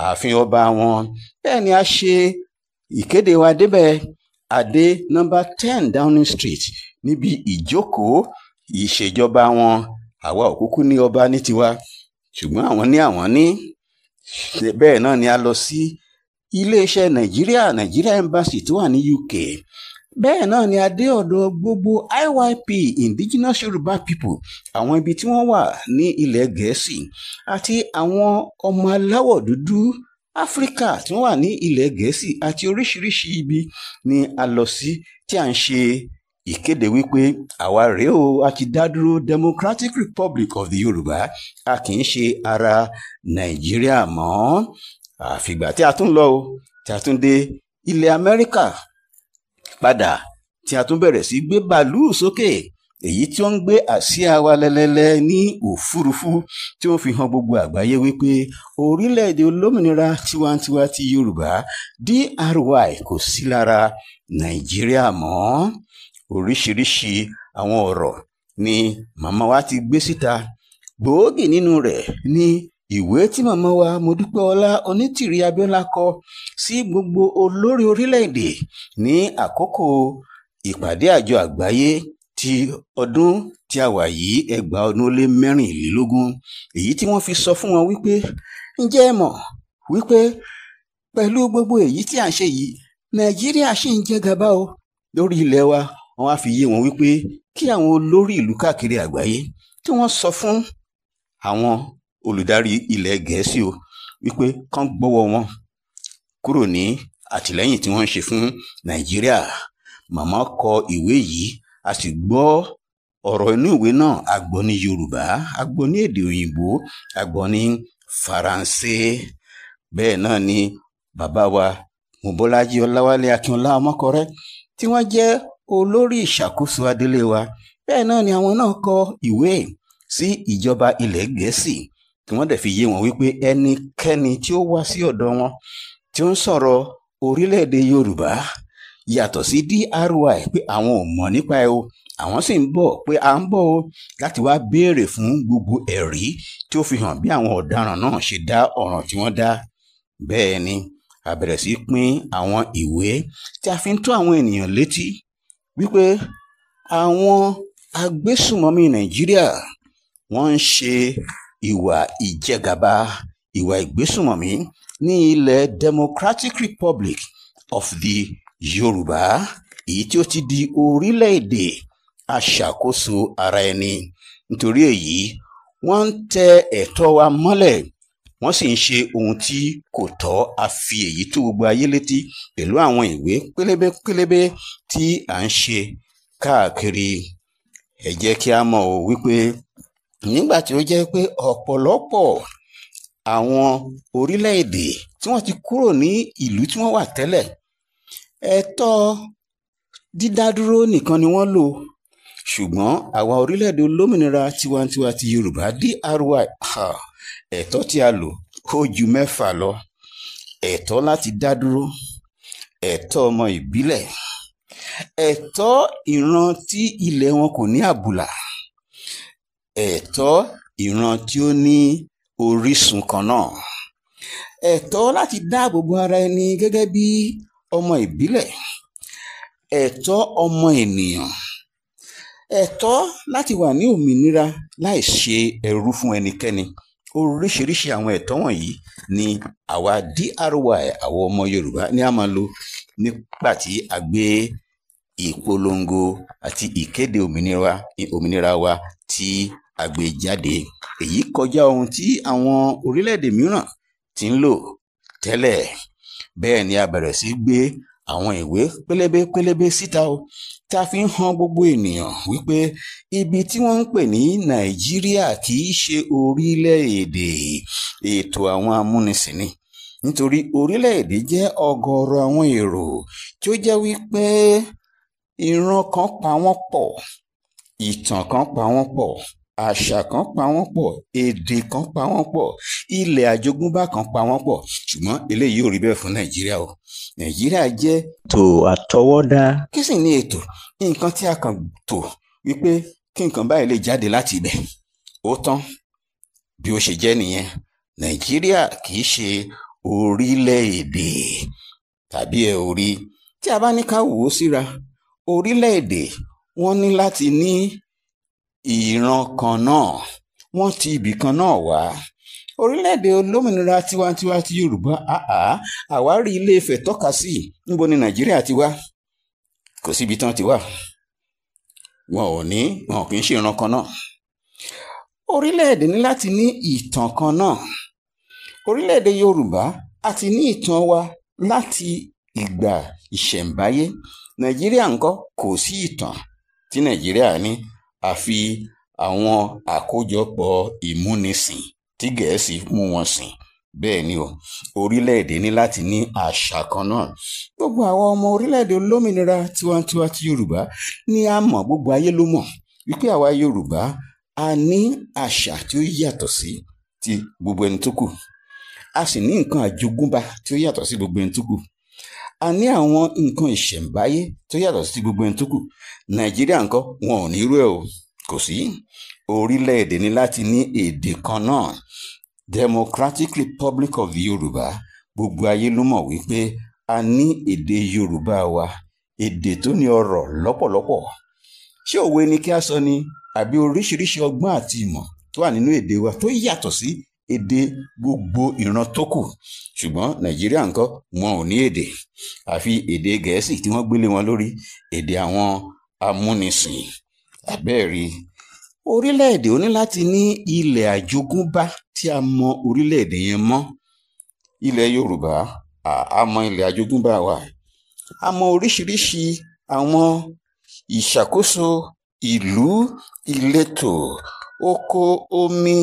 ààfin ọba wọn bẹ́ẹ̀ ni a ṣe ìkéde wa débẹ̀ adé nọ́mbà ten Downing Street níbi ìjókòó ìṣèjọba wọn àwa òkúkú ní ọba ní tiwa ṣùgbọ́n àwọn ní àwọn ní bẹ́ẹ̀ náà ni a lọ sí iléeṣẹ́ nàìjíríà nàìjíríà embassy tó wà ní UK bẹ́ẹ̀ náà ni a dé ọ̀dọ̀ gbogbo IYP indigenous Yoruba people àwọn ibi tí wọ́n wà ní ilẹ̀ gẹ̀ẹ́sì àti àwọn ọmọ aláwọ̀ dúdú Áfíríkà tí wọ́n wà ní ilẹ̀ gẹ̀ẹ́sì àti oríṣiríṣi ibi ni a lọ sí tí à ń ṣe ìkéde wípé àwa rèé o a ti dá dúró Democratic Republic of the Yorùbá a kì í ṣe ara Nàìjíríà mọ́ àfìgbà tí a tún lọ o tí a tún dé ilẹ̀ Amẹ́ríkà padà tí a tún bẹ̀rẹ̀ sí gbé bàálù sókè èyí tí ó ń gbé àsíá wa lẹ́lẹ́lẹ́ ní òfurufú tí ó ń fi hàn gbogbo àgbáyé wípé orílẹ̀-èdè olómìnira tiwantiwa ti Yorùbá DRY kò sí lára Nàìjíríà mọ́ oríṣiríṣi àwọn ọ̀rọ̀ ni màmá wa ti gbé síta gbòógì nínú rẹ̀ ni ìwé tí màmá wa Modúpẹ́ọlá Onítìrí Abíọ́lá kọ sí gbogbo olórí orílẹ̀-èdè ní àkókò ìpàdé àjọ àgbáyé ti ọdún tí a wà yìí ẹgbàá ọdún ó lé mẹ́rìnlélógún èyí tí wọ́n fi sọ fún wọn wípé ǹjẹ́ ẹ mọ̀ wípé pẹ̀lú gbogbo èyí tí à ń ṣe yìí Nàìjíríà ṣì ń jẹ gàba o lórí ilẹ̀ wa wọ́n wá fi yé wọn wípé kí àwọn olórí ìlú káàkiri àgbáyé tí wọ́n sọ fún àwọn olùdarí ilẹ̀ gẹ̀ẹ́sì o wípé kán gbọ́wọ́ wọn kúrò ní àtìlẹ́yìn tí wọ́n ń ṣe fún nàìjíríà màmá kọ ìwé yìí a sì gbọ́ ọ̀rọ̀ inú ìwé náà a ní yorùbá a ní èdè òyìnbó a ní faransé bẹ́ẹ̀ náà ni bàbá wa mobọ́lájí ọláwálé akínọlá ọmọkọrẹ́ tí wọ́n jẹ́ olórí ìṣàkóso adelé wa bẹ́ẹ̀ náà ni àwọn náà kọ ìwé sí ìjọba ilẹ̀ gẹ̀ẹ́sì tí wọ́n dẹ̀ fi yé wọn wípé ẹnikẹ́ni tí ó wá sí ọ̀dọ̀ wọn tí ó ń sọ̀rọ̀ orílẹ̀-èdè yorùbá yàtọ̀ sí DRY pé àwọn ò mọ̀ nípa ẹ o àwọn sì ń bọ̀ pé à ń bọ̀ o láti wá béèrè fún gbogbo ẹ̀rí tí ó fi hàn bí àwọn ọ̀daràn náà ṣe dá ọ̀ràn tí wọ́n dá bẹ́ẹ̀ ni a bẹ̀rẹ̀ sí pín àwọn ìwé tí a fi ń tó àwọn ènìyàn létí wípé àwọn agbésùmọ̀mí nàìjíríà wọ́n ń ṣe ìwà ìjẹgàba ìwà ìgbésùmọ̀mí ní ilẹ̀ democratic republic of the yorùbá èyí tí ó ti di orílẹ̀-èdè aṣàkóso ara ẹni nítorí èyí wọ́n ń tẹ ẹ̀tọ́ wa mọ́lẹ̀ wọ́n sì ń ṣe ohun tí kò tọ́ a fi èyí tó gbogbo ayé létí pẹ̀lú àwọn ìwé pélébé pélébé tí à ń ṣe káàkiri ẹ jẹ́ kí a mọ̀ ò wípé nígbà tí ó jẹ́ pé ọ̀pọ̀lọpọ̀ àwọn orílẹ̀-èdè tí wọ́n ti kúrò ní ìlú tí wọ́n wà tẹ́lẹ̀ ẹ̀tọ́ dídádúró nìkan ni wọ́n lò ṣùgbọ́n àwa orílẹ̀-èdè olómìnira tiwantiwa ti Yorùbá DRY ẹ̀tọ́ tí a lò ó ju mẹ́fà lọ ẹ̀tọ́ láti dá dúró ẹ̀tọ́ ọmọ ìbílẹ̀ ẹ̀tọ́ ìran tí ilẹ̀ wọn kò ní àbùlà ẹ̀tọ́ ìran tí ó ní orísun kan náà ẹ̀tọ́ láti dáàbò bo ara ẹni gẹ́gẹ́ bí ọmọ ìbílẹ̀ ẹ̀tọ́ ọmọ ènìyàn ẹ̀tọ́ láti wà ní òmìnira láì ṣe ẹrú fún ẹnikẹ́ni oríṣiríṣi àwọn ẹ̀tọ́ wọ̀nyí ni àwa DRY àwọn ọmọ Yorùbá ni a máa lò nígbà tí a gbé ìpolongo àti ìkéde òmìnira wa òmìnira wa tí a gbé jáde èyí kọjá ohun tí àwọn orílẹ̀-èdè mìíràn ti ń lò tẹ́lẹ̀ bẹ́ẹ̀ ni a bẹ̀rẹ̀ sí gbé àwọn ìwé pélébé pélébé síta o tá a fi ń han gbogbo ènìyàn wípé ibi tí wọ́n ń pè ní nàìjíríà kì í ṣe orílẹ̀-èdè ètò àwọn amúnisìn ni nítorí orílẹ̀-èdè jẹ́ ọ̀gọ̀ọ̀rọ̀ àwọn èrò tí ó jẹ́ wípé ìran kan pa wọ́n pọ̀ ìtàn kan pa wọ́n pọ̀ àṣà kan pa wọ́n pọ̀ èdè kan pa wọ́n pọ̀ ilẹ̀ àjogúnbá kan pa wọ́n pọ̀ ṣùgbọ́n eléyìí ò rí bẹ́ẹ̀ fún nàìjíríà o nàìjíríà jẹ́. ètò àtọwọ́dá. kí sì ni ètò nǹkan tí a kàn tò wípé kí nǹkan báyìí lè jáde láti ibẹ̀ ó tán bí ó ṣe jẹ́ nìyẹn nàìjíríà kì í ṣe orílẹ̀-èdè tàbí ẹ̀ orí tí a bá ní ká wò ó síra orílẹ̀-èdè wọ́n ní láti ní ìran kan náà wọ́n ti ibì kan náà wá orílẹ̀-èdè olómìnira tiwantiwa ti yorùbá àwárí ilé Ifẹ̀ tọ́ka sí níbo ni nàìjíríà ti wá kò síbi tán ti wá wọn ò ní wọn kì í ṣe ìran kan náà orílẹ̀ ní láti ní ìtàn kan náà orílẹ̀ yorùbá a ti ní ìtàn wa láti ìgbà ìṣẹ̀ǹbáyé nàìjíríà ńkọ́ kò sí ìtàn tí nàìjíríà ní àfi àwọn àkójọpọ̀ ìmúnisìn tí gẹ̀ẹ́sì mú wọn sìn bẹ́ẹ̀ ni o orílẹ̀-èdè ní láti ní àṣà kan náà gbogbo àwọn ọmọ orílẹ̀-èdè olómìnira tiwantiwa ti yorùbá ni a mọ̀ gbogbo ayé ló mọ̀ wípé àwa yorùbá a ní àṣà tí ó yàtọ̀ sí ti gbogbo ẹni tó kù a sì ní nǹkan àjogúnbá tí ó yàtọ̀ sí gbogbo ẹni tó kù a ní àwọn nǹkan ìṣẹ̀ǹbáyé tó yàtọ̀ sí gbogbo ẹni tó kù nàìjíríà ńkọ́ wọn ò ní irú ẹ̀ o kò sí orílẹ̀-èdè ní láti ní èdè kan náà democratic republic of yorùbá gbogbo ayé ló mọ̀ wípé a ní èdè yorùbá wa èdè tó ní ọrọ̀ lọ́pọ̀lọpọ̀ ṣé òwe ni kí a sọ ni àbí oríṣiríṣi ọgbọ́n àti ìmọ̀ tó wà nínú èdè wa tó yàtọ̀ sí èdè gbogbo ìran tó kù ṣùgbọ́n nàìjíríà ńkọ́ wọn ò ní èdè àfi èdè gẹ̀ẹ́sì tí wọ́n gbélé wọn lórí èdè àwọn amúnisìn abẹ́ẹ̀rí orílẹ̀-èdè ó ní láti ní ilẹ̀ àjogúnbá tí a mọ orílẹ̀-èdè yẹn mọ́ ilẹ̀ yorùbá a mọ ilẹ̀ àjogúnbá wa a mọ oríṣiríṣi àwọn ìṣàkóso ìlú ìletò oko omi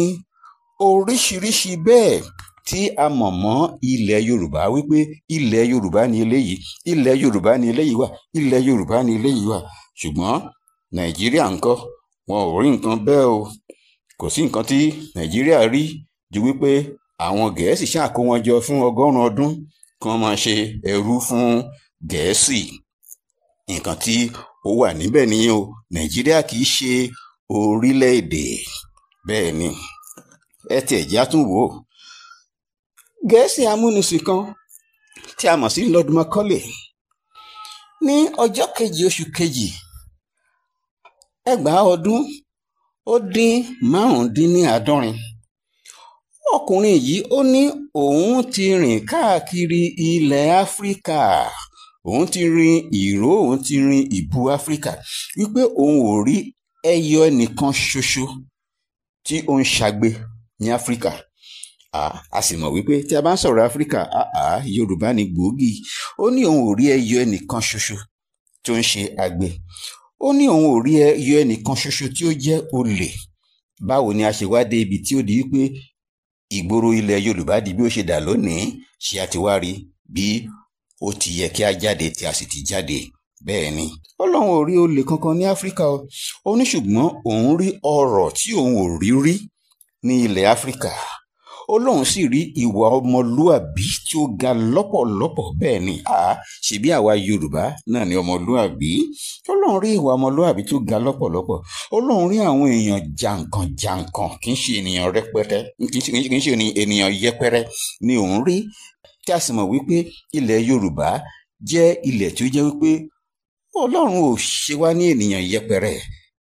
oríṣiríṣi bẹ́ẹ̀ tí a mọ̀ mọ́ ilẹ̀ yorùbá wípé ilẹ̀ yorùbá ni eléyìí ilẹ̀ yorùbá ni eléyìí wà ilẹ̀ yorùbá ni eléyìí wà ṣùgbọ́n nàìjíríà ńkọ́ wọn ò rí nǹkan bẹ́ẹ̀ o kò sí nǹkan tí nàìjíríà rí ju wípé àwọn gẹ̀ẹ́sì ṣàkó wọn jọ fún ọgọ́rùn-ún ọdún kan máa ṣe ẹrú fún gẹ̀ẹ́sì nǹkan tí ó wà níbẹ̀ nìyẹn o nàìjíríà kì í ṣe orílẹ̀-èdè bẹ́ẹ̀ ni ẹ tiẹ̀ já tún wò ó. gẹ̀ẹ́sì amúnisìn kan tí a mọ̀ sí Lord Macaulay ní ọjọ́ kejì oṣù kejì ẹgbàá ọdún ó dín márùndínláàádọ́rin ọkùnrin yìí ó ní òun ti rìn káàkiri ilẹ̀ áfíríkà òun ti rin ìró òun ti rin ìbú áfíríkà wípé òun ò rí ẹyọ ẹnìkan ṣoṣo tí ó ń ní áfíríkà a sì mọ̀ wípé tí a bá ń sọ̀rọ̀ áfíríkà yorùbá ni gbòógì ó ní òun ò rí ẹyọ ẹnìkan ṣoṣo tó ń ṣe àgbẹ̀ ó ní òun ò rí ẹyọ ẹnìkan ṣoṣo tí ó jẹ́ olè báwo ni a ṣe wá dé ibi tí ó di wípé ìgboro ilẹ̀ yorùbá di bí ó ṣe dà lónìí ṣé a ti wá rí bí ó ti yẹ kí a jáde tí a sì ti jáde bẹ́ẹ̀ ni. ọlọ́run ò rí olè kankan ní áfíríkà ó ní ṣùgbọ́n òun rí ọrọ̀ tí òun ò rí rí ní ilẹ̀ áfíríkà ó lóun sì rí ìwà ọmọlúàbí tí ó ga lọ́pọ̀lọpọ̀ bẹ́ẹ̀ ni a ṣebí àwa yorùbá náà ni ọmọlúàbí ó lóun rí ìwà ọmọlúàbí tó ga lọ́pọ̀lọpọ̀ ó lóun rí àwọn èèyàn jàǹkàn jàǹkàn kì í ṣe ènìyàn rẹpẹtẹ kì í ṣe ènìyàn yẹpẹrẹ ni òun rí tí a sì mọ̀ wípé ilẹ̀ yorùbá jẹ́ ilẹ̀ tí ó jẹ́ wípé ọlọ́run ò ṣe wá ní ènìyàn yẹpẹrẹ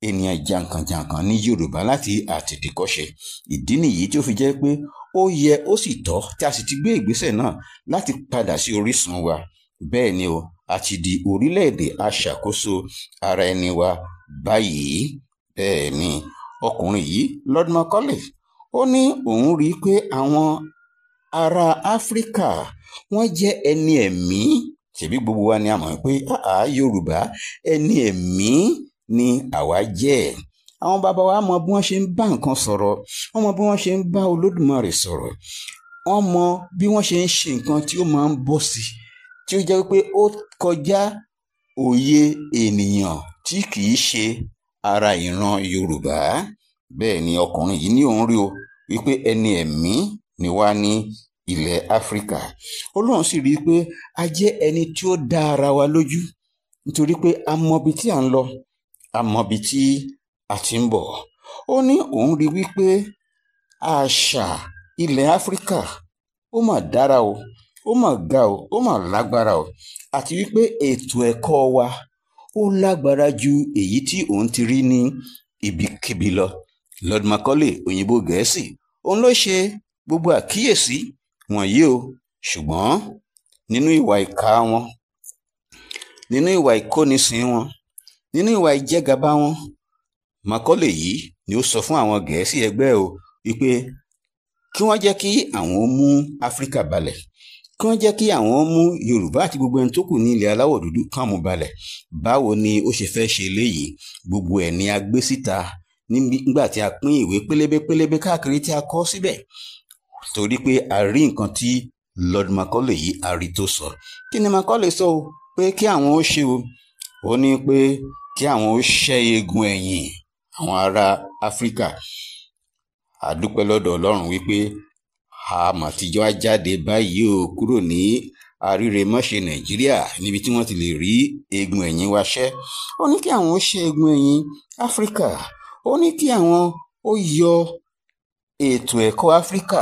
ènìyàn jàǹkànjàǹkàn ní yorùbá láti àtètèkọ́ṣe ìdí nìyí tí ó fi jẹ́ pé ó yẹ ó sì tọ́ tí a sì ti gbé ìgbésẹ̀ náà láti padà sí orísun wa bẹ́ẹ̀ ni o a di orílẹ̀-èdè aṣàkóso ara ẹni wa báyìí bẹ́ẹ̀ ni ọkùnrin yìí Lord Macaulay ó ní òun rí i pé àwọn ará áfíríkà wọ́n jẹ́ ẹni ẹ̀mí ṣebí gbogbo wa ni a mọ̀ pé yorùbá ẹni ẹ̀mí ni àwa jẹ́ àwọn bàbá wa mọ bí wọ́n ṣe ń bá nǹkan sọ̀rọ̀ wọ́n mọ bí wọ́n ṣe ń bá Olódùmarè sọ̀rọ̀ wọ́n mọ bí wọ́n ṣe ń ṣe nǹkan tí ó máa ń bọ̀ sí tí ó jẹ́ pé ó kọjá òye ènìyàn tí kì í ṣe ara ìran Yorùbá bẹ́ẹ̀ ni ọkùnrin yìí ní òun rí o wípé ẹni ẹ̀mí ni wá ní ilẹ̀ Áfíríkà Ọlọ́run sì rí i pé a jẹ́ ẹni tí ó dá ara wa lójú nítorí pé a mọ ibi tí à ń lọ àmọ́bi tí a ti ń bọ̀ ó ní òun rí wípé àṣà ilẹ̀ áfíríkà ó mà dára o ó mà ga o ó mà lágbára o àti wípé ètò ẹ̀kọ́ wa ó lágbára ju èyí tí òun ti rí ní ibikíbi lọ Lord Macaulay òyìnbó gẹ̀ẹ́sì òun ló ṣe gbogbo àkíyèsí wọ̀nyí o ṣùgbọ́n nínú ìwà ìkà wọn nínú ìwà ìkónisìn wọn nínú ìwà ìjẹgàba wọn Macaulay yìí ni ó sọ fún àwọn gẹ̀ẹ́sì ẹgbẹ́ o wípé kí wọ́n jẹ́ kí àwọn mú áfíríkà balẹ̀ kí wọ́n jẹ́ kí àwọn mú yorùbá àti gbogbo ẹni tó kù ní ilẹ̀ aláwọ̀ dúdú kàn mú balẹ̀ báwo ni ó ṣe fẹ́ ṣe léyìí gbogbo ẹ̀ ni a gbé síta nígbà tí a pín ìwé pélébé pélébé káàkiri tí a kọ síbẹ̀ torí pé a rí nǹkan tí Lord Macaulay yìí a rí tó sọ kí ni Macaulay sọ o pé kí àwọn ó ṣe o ó ní pé kí àwọn ó ṣẹ́ eegun ẹ̀yìn àwọn ará áfíríkà àdúpẹ́ lọ́dọ̀ ọlọ́run wípé àmọ́ àtijọ́ á jáde báyìí ó kúrò ní àríre mọ́ṣe nàìjíríà níbi tí wọ́n ti lè rí eegun ẹ̀yìn wa ṣẹ́ ó ní kí àwọn ó ṣẹ́ eegun ẹ̀yìn áfíríkà ó ní kí àwọn ó yọ ètò ẹ̀kọ́ áfíríkà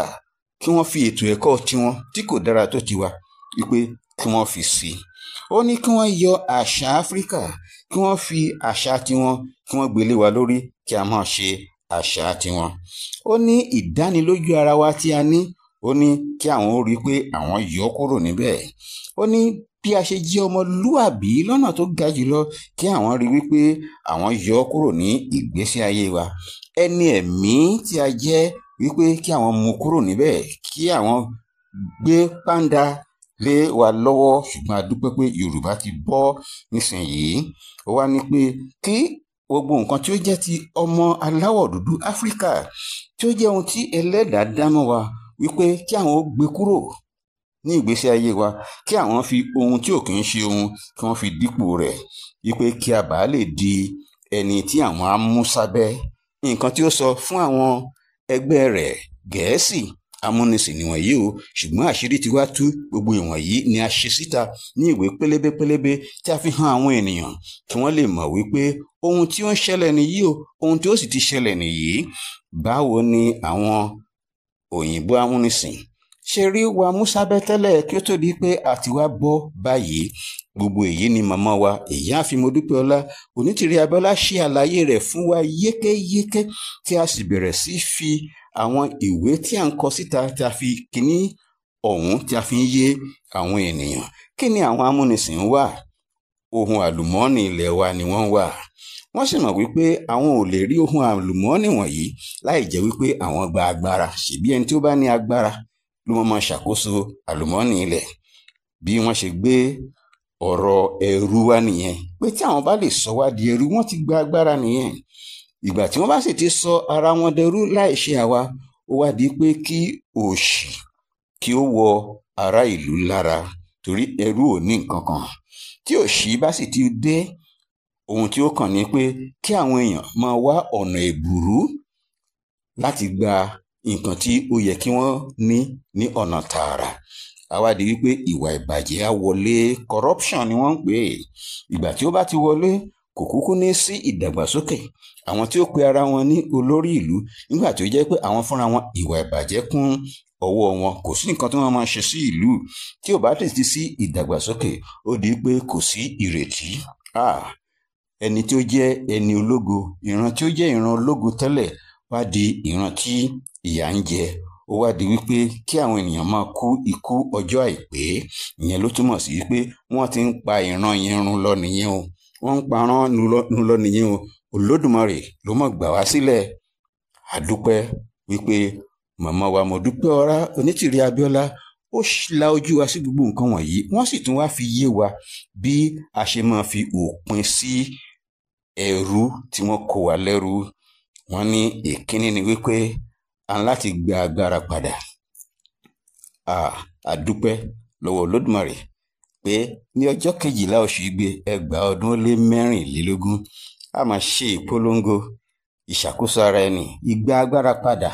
kí wọ́n fi ètò ẹ̀kọ́ tiwọn tí kò dára tó tiwa wípé kí wọ́n fi sí i ó ní kí wọ́n yọ àṣà áfíríkà kí wọ́n fi àṣà tiwọn kí wọ́n gbélé wa lórí kí a máa ṣe àṣà tiwọn ó ní ìdánilójú ara wa tí a ní ó ní kí àwọn ó rí i pé àwọn yọ kúrò níbẹ̀ ó ní bí a ṣe jẹ́ ọmọlúàbí lọ́nà tó ga jùlọ kí àwọn rí wípé àwọn yọ kúrò ní ìgbésí ayé wa ẹni ẹ̀mí tí a jẹ́ wípé kí àwọn mú kúrò níbẹ̀ kí àwọn gbé pàǹdà lé wa lọ́wọ́ ṣùgbọ́n a dúpẹ́ pé Yorùbá ti bọ́ nísìnyìí ó wá ní pé kí gbogbo nǹkan tí ó jẹ́ ti ọmọ aláwọ̀ dúdú Áfíríkà tí ó jẹ́ ohun tí ẹlẹ́dàá dámọ́ wa wípé kí àwọn ó gbé kúrò ní ìgbésí ayé wa kí àwọn fi ohun tí ò kì í ṣe ohun kí wọ́n fi dípò rẹ̀ wípé kí a bàa lè di ẹni tí àwọn á mú sábẹ́ nǹkan tí ó sọ fún àwọn ẹgbẹ́ rẹ̀ Gẹ̀ẹ́sì amúnisìn nìwọ̀nyí o ṣùgbọ́n àṣírí ti wá tú gbogbo ìwọ̀nyí ni a ṣe síta ní ìwé pélébé pélébé tí a fi hàn àwọn ènìyàn kí wọ́n lè mọ̀ wípé ohun tí ó ń ṣẹlẹ̀ nìyí o ohun tí ó sì ti ṣẹlẹ̀ nìyí báwo ni àwọn òyìnbó amúnisìn ṣe rí wa musa bẹ́tẹ́lẹ̀ kí ó tó di pé àtiwá bọ́ báyìí gbogbo èyí ni màmá wa ìyá àfimọ́dúpẹ́ ọlá onítìrí abọ́lá ṣe àlàyé rẹ̀ fún wa yékéyéké tí a sì bẹ̀rẹ̀ sí fi àwọn ìwé tí a ń kọ síta tí a fi kíní ọ̀hún tí a fi ń yé àwọn ènìyàn kí ni àwọn amúnisìn wà ohun àlùmọ́ọ́nì ilẹ̀ wa ni wọ́n wà wọ́n sì mọ̀ wípé àwọn ò lè rí ohun àlùmọ́ọ́nì wọ̀nyí láì jẹ́ wípé àwọn gba agbára ṣèbí ẹni tí ó bá ní agbára ló mọ̀ máa ṣàkóso àlùmọ́ọ́nì ilẹ̀ bí wọ́n ṣe gbé ọ̀rọ̀ ẹrú wá nìyẹn pé tí àwọn bá lè sọ wá di ẹrú wọ́n ti gba agbára nìyẹn ìgbà tí wọ́n bá sì ti sọ ara wọn dẹrú láì ṣe àwa ó wá di pé kí òṣì kí ó wọ ará ìlú lára torí ẹrú ò ní nǹkan kan tí òṣì bá sì ti dé ohun tí ó kàn ní pé kí àwọn èèyàn máa wá ọ̀nà ẹ̀bùrú láti gba nǹkan tí ó yẹ kí wọ́n ní ní ọ̀nà tààrà àwa di wípé ìwà ìbàjẹ́ á wọlé corruption ni wọ́n ń pè é ìgbà tí ó bá ti wọlé kò kúkú ní sí ìdàgbàsókè àwọn tí ó pe ara wọn ní olórí ìlú nígbà tí ó jẹ́ pé àwọn fúnra wọn ìwà ìbàjẹ́ kún ọwọ́ wọn kò sí nǹkan tí wọ́n máa ṣe sí ìlú tí ò bá tètè sí ìdàgbàsókè ó di pé kò sí ìrètí ẹni tí ó jẹ́ ẹni ológo ìran tí ó jẹ́ ìran ológo tẹ́lẹ̀ wá di ìran tí ìyà ń jẹ ó wá di wípé kí àwọn ènìyàn máa kú ikú ọjọ́ àìpé ìyẹn ló túmọ̀ sí wípé wọ́n ti ń pa ìran yẹn run lọ nìyẹn o wọ́n ń parán nu lọ nìyí o olódùmarè ló mọ̀ gbà wá sílẹ̀ àdúpẹ́ wípé màmá wa mo dúpẹ́ ọ̀rá onítìrí abíọ́lá ó la ojú wa sí gbogbo nǹkan wọ̀nyí wọ́n sì tún wá fi yé wa bí a ṣe máa fi òpin sí ẹ̀rú tí wọ́n kó wa lẹ́rú wọ́n ní ìkíní ni wípé a ń láti gba agbára padà àdúpẹ́ lọ́wọ́ olódùmarè pé ní ọjọ́ kejìlá oṣù igbe ẹgbàá ọdún lé mẹ́rìnlélógún a máa ṣe ìpolongo ìṣàkóso ara ẹni ìgbà agbára padà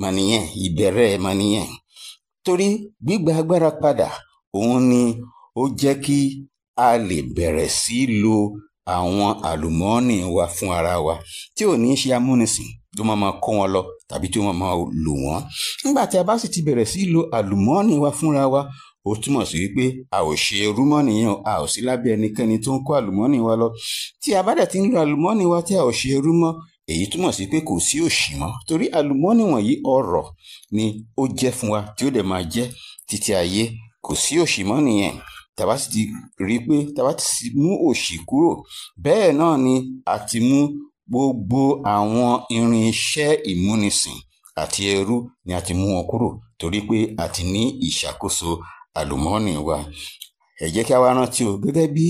mà nìyẹn ìbẹ̀rẹ̀ mà nìyẹn torí gbígba agbára padà òun ni ó jẹ́ kí a lè bẹ̀rẹ̀ sí í lo àwọn àlùmọ́ọ́nì wa fún ara wa tí ò ní í ṣe amúnisìn tó máa máa kó wọn lọ tàbí tó máa máa lò wọ́n nígbà tí a bá sì ti bẹ̀rẹ̀ sí í lo àlùmọ́ọ́nì wa fúnra wa ó túmọ̀ sí wípé a ò ṣe rúmọ́nìyàn a ò sí lábẹ́ ẹnikẹ́ni tó ń kó àlùmọ́nì wa lọ tí a bá dẹ̀ ti ń lo àlùmọ́nì wa tí a ò ṣe rúmọ́ èyí túmọ̀ sí pé kò sí òṣì torí àlùmọ́nì wọ̀nyí ọrọ̀ ni ó jẹ́ fún wa tí ó dẹ̀ máa jẹ́ títí ayé kò sí òṣì nìyẹn tàbá sì ti rí i pé tàbá ti mú òṣì kúrò bẹ́ẹ̀ náà ni a ti mú gbogbo àwọn irinṣẹ́ ìmúnisìn àti ẹrú ni a ti mú wọn kúrò torí pé a ti ní ìṣàkóso àlùmọ́ọ́nì wa ẹ jẹ́ kí a wá rántí o gẹ́gẹ́ bí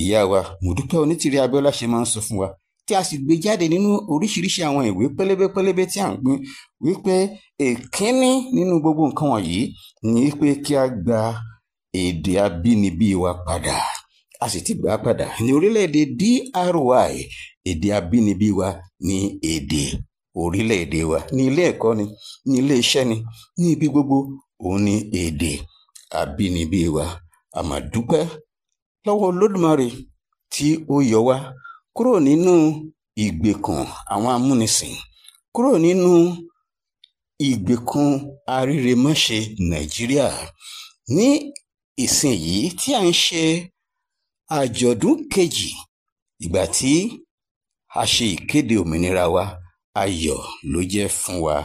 ìyá wa Mọ́dúpẹ́ Onítìrí Abíọ́lá ṣe máa ń sọ fún wa tí a sì gbé jáde nínú oríṣiríṣi àwọn ìwé pélébé pélébé tí à ń gbin wípé èkínní nínú gbogbo nǹkan wọ̀nyí ni pé kí a gba èdè abínibí wa padà a sì ti gbà padà ní orílẹ̀-èdè DRY èdè abínibí wa ni èdè orílẹ̀-èdè wa ní ilé ẹ̀kọ́ ni ní ilé iṣẹ́ ni ní ibi gbogbo òun ni èdè àbínibí wa a mà dúpẹ́ lọ́wọ́ olódùmarè tí ó yọ wá kúrò nínú ìgbèkùn àwọn amúnisìn kúrò nínú ìgbèkùn aríremọ́ṣe nàìjíríà ní ìsìn yìí tí a ń ṣe àjọ̀dún kejì ìgbà tí a ṣe ìkéde òmìnira wa ayọ̀ ló jẹ́ fún wa.